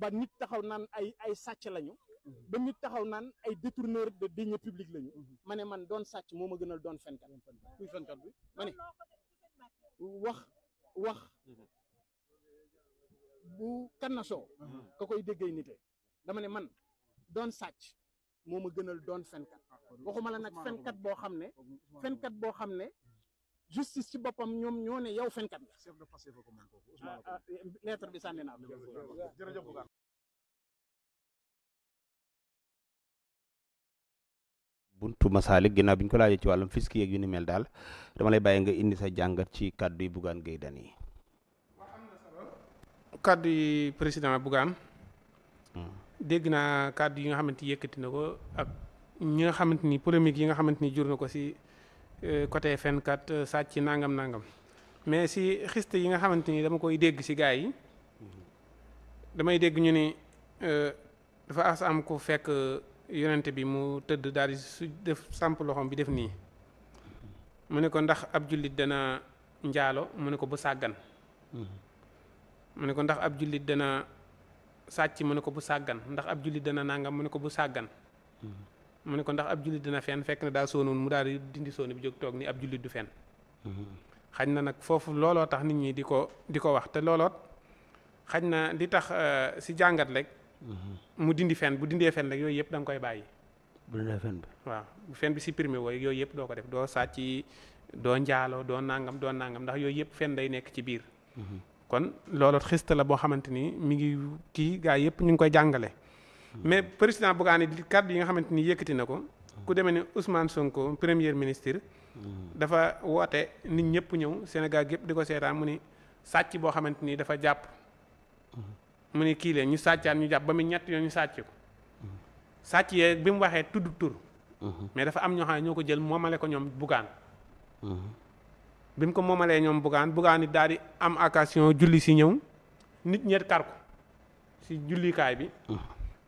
ba nit taxaw naan ay ay sàcc lañu. ba nit taxaw naan ay détourneur de deniers publics lañu. ma man doon sàcc moo ma gënal doon fenkat. kuy fenkat bi ma ne wax wax. bu kannaso ka koy déggee nite dama ne man doon sàcc moo ma gënal doon fenkat ah, waxuma la nag fenkat boo xam ne fenkat boo xam ne justice ci boppam ñoom ñoo ne yow fenkat nga. chef ko mën kooku Ousmane la ah, ah, ko. Eh, lettre bi sànni naa ko. buntu Masalik ginnaaw bi ñu ko laajee ci wàllum fisc yu ni mel daal dama lay bàyyi nga indi sa jàngat ci kàddu yi Bougane Gueye Dany yi. kàddu yi président Bougane. Hmm. dégg naa kàddu yi nga xamante ni yëkkati na ko ak ñi nga xamante ni polémique yi nga xamante ni jur na ko si. Euh, côté fenkat euh, sàcc nangam nangam mais si xiste yi nga xamante ni dama koy dégg si gaa yi damay dégg ñu ni euh, dafa as am ku fekk yonente bi mu tëdd daal su def samp loxoom bi def nii mu ne ko ndax ab jullit dana njaalo mu ne ko bu sàggan mu ne ko ndax ab jullit dana sàcc mu ne ko bu sàggan ndax ab jullit dana nangam mu ne ko bu sàggan mu ne ko ndax ab jullit dina fen fekk na daa soonoon mu daal di dindi soonu bi jóg toog ni ab jullit du fen mm-hmm. xaj na nag foofu looloo tax nit ñi di ko di ko wax te looloot xaj na di tax euh, si jàngat rek mm-hmm. mu dindi fen bu dindee fen rek yooyu yëpp da nga koy bàyyi bu dindee fen bi waaw bu fen bi supprimé wooyu yooyu yëpp doo ko def doo sàcc doo njaaloo doo nangam doo nangam ndax yooyu yëpp fen day nekk ci biir mm-hmm. kon looloot xista la boo xamante ni mi ngi kii gaa yëpp ñu ngi koy jàngale mais président Bougane kàddu yi nga xamante ni yëkkati na ko ku demee ni Ousmane Sonko premier ministre dafa woote nit ñëpp ñëw Sénégal gépp di ko seetaan mu ni sàcc boo xamante ni dafa jàpp mu ni kii leen ñu sàccaat ñu jàpp ba mu ñett yoon ñu sàcc ko sàcc yee bi mu waxee tudd tur mais dafa am ñoo xam ne ñoo ko jël moomale ko ñoom Bougane bi mu ko moomalee ñoom Bougane Bougane it daal di am occasion julli si ñëw nit ñeet kar ko si jullikaay bi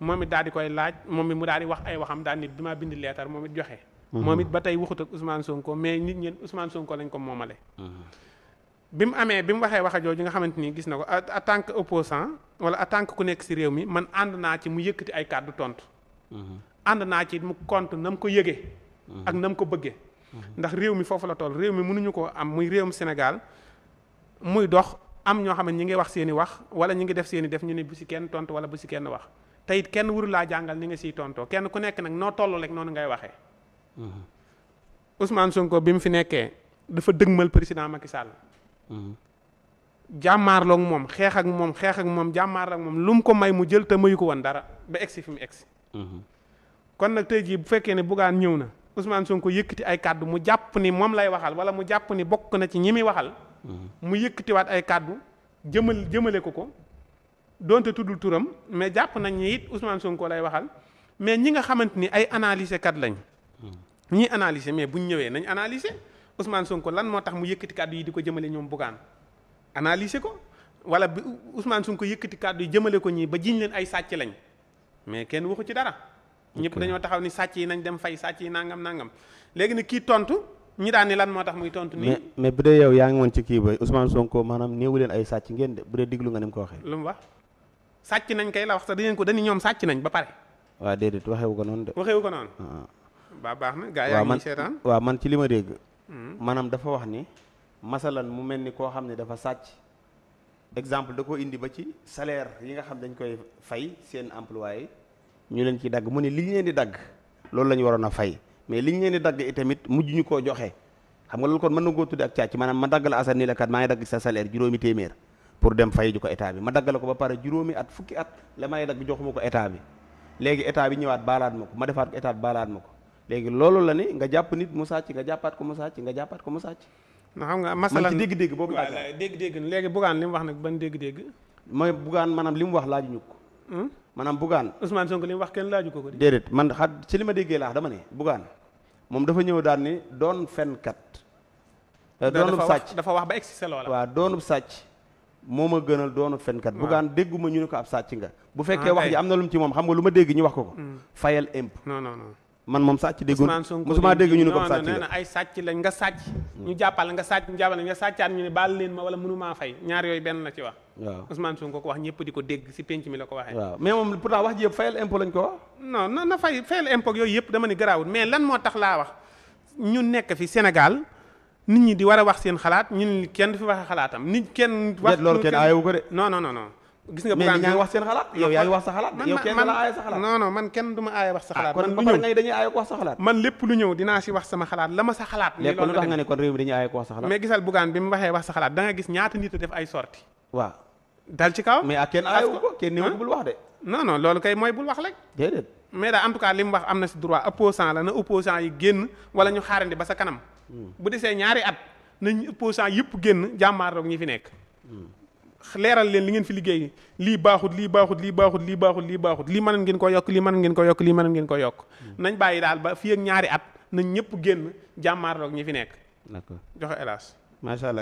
moom it daal di koy laaj moom it mu daal di wax ay waxam daal nit bi maa bind leetar moom it joxe. Mhm. moom it ba tey waxut ak Ousmane Sonko mais nit ñi Ousmane Sonko lañ ko moomale. Mhm. bi mu amee bi mu waxee waxa jooju nga xamante ni gis na ko en tant que opposant wala en ku nekk si réew mi man ànd naa ci mu yëkkati ay kàddu tontu. Mhm. ànd naa ci mu kont na mu ko yëgee. ak na mu ko bëggee. ndax réew mi foofu la toll réew mi mënuñu koo am muy réewum Sénégal muy dox am ñoo xam ne ñi ngi wax seen i wax wala ñi ngi def seen i def ñu ne bu si kenn tontu wala bu si kenn wax. te it kenn waru laa jàngal ni nga siy tontoo kenn ku nekk nag noo tollu rek noonu ngay waxee. Mm-hmm. Ousmane Sonko bi mu fi nekkee dafa dëgmal président Macky Sall. Mm-hmm. jàmmaarloog moom xeex ak moom xeex ak moom jàmmaarloog moom lu mu ko may mu jël te mayu ko woon dara ba egsi fi mu egsi. Mm-hmm. kon nag tey jii bu fekkee ne buggaan ñëw na Ousmane Sonko yëkkati ay kàddu mu jàpp ni moom lay waxal wala mu jàpp ni bokk na ci ñi muy waxal. mu yëkkatiwaat ay kàddu jëmal jëmale ko ko. donte tuddul turam mais jàpp nañ ni it Ousmane Sonko lay waxal mais ñi nga xamante ni ay analyser kat lañ. Hmm. ñii analyser mais buñ ñëwee nañ analyser Ousmane Sonko lan moo tax mu yëkkati kàddu yi di ko jëmale ñoom Bougane analyser ko wala bi Ousmane Sonko yëkkati kàddu yi jëmale ko ñii ba jiñ leen ay sàcc lañ mais kenn waxu ci dara. ñëpp dañoo taxaw ni sàcc yi nañ dem fay sàcc yi nangam nangam léegi nag kii tontu ñi daan ni lan moo tax muy tontu. nii mais bu dee yow yaa ngi woon ci kii ba Ousmane Sonko maanaam néewu leen ay sàcc ngeen de nga ni mu waxee. lu mu wax sàcc nañ kay la wax sax dañu ko dañu ñoom sàcc nañ ba pare. waaw déedéet waxewu ko noonu de. waxewu ko noonu. Ah. ba baax na gaa yaa ngi seetaan waaw man ci li ma dégg. Hmm. maanaam dafa wax ni. masalan mu mel ni koo xam ne dafa sàcc. exemple da ko indi ba ci salaire yi nga xam dañ koy fay seen employé ñu leen ciy mu ne li ñu leen di dagg. loolu la ñu waroon a fay mais li ñu leen di dagg itamit mujj ñu koo joxe xam nga loolu kon mën na koo tudde ak càcc maanaam ma dagg la Assane nii la kat maa ngi dagg sa salaire juróomi téeméer. pour dem fay ju ko état bi ma daggal ko ba pare juróomi at fukki at la may dagg joxuma ko état bi léegi état bi ñëwaat baalaat ma ko ma defaat ko état bi baalaat ma ko léegi loolu la ni nga jàpp nit mu sàcc nga jàppaat ko mu sàcc nga jàppaat ko mu sàcc na xam nga masalan man ci dégg-dégg boobu li mu wax nag ban dégg-dégg mooy bugaan maanaam li mu wax laaju ñu ko hmm? maanaam bugaan Ousmane Sonko li mu wax kenn laaju ko ko déedéet man xa ci li ma déggee laax dama ne bugaan moom dafa ñëw daal ni doon fenkat doonub sàcc dafa wax ba egsi loola waaw sàcc moo ma gënal doonu fenkat bugaan dégguma ñu ne ko ab sàcc nga bu ah, fekkee wax ji am na lum ci moom xam nga lu ma dégg ñu wax ko ko mm. fayal imp non non non man moom sàcc déggoon mosuma dégg ñu ne ko ab sàcc nga non ay sàcc mm. nga sàcc ñu jàppal nga sàccaat ñu ne baal leen ma wala mënumaa fay ñaar yooyu benn la ci wax waaw Ousmane Sonko ko wax ñëpp di ko dégg si penc mi la ko waxee mais moom pourtant wax ji yëpp fayal imp lañ ko wax non non na fay fayal imp yooyu yëpp dama ne garaawul mais lan moo tax laa wax ñu nekk fi Sénégal nit ñi di war a wax seen xalaat ñun kenn du fi waxee xalaatam nit kenn. wax loolu kenn aayewu ko de. non non non gis nga bugaan wax seen xalaat yow yaa ngi wax sa xalaat yow la aaye sa xalaat non man kenn du ma aaye wax sa ah, xalaat kon ba man lépp lu ñëw dinaa si wax sama xalaat la ma sa xalaat léegi kon lu tax nga sa xalaat mais gisal bugaan bi mu waxee wax sa xalaat da gis ñaata nit a def ay sorti waaw dal ci kaw mais ak kenn aayewu ko kenn néewu ah? bul wax de non loolu kay mooy bul wax rek déedéet mais daal en tout li mu wax am na si droit opposant la na opposant génn wala ñu xaarandi ba sa kanam bu desee ñaari at nañ opposant yëpp génn jàmmaarloog ñi fi nekk leeral leen li ngeen fi liggéey lii baaxut lii baaxut lii baaxut lii baaxut lii baaxut lii mën ngeen ko yokk lii mën ngeen ko yokk lii mën ngeen ko yokk nañ bàyyi daal ba fii ak ñaari at nañ ñëpp génn jàmmaarloog ñi fi nekk d'accord joxe hélas macha allah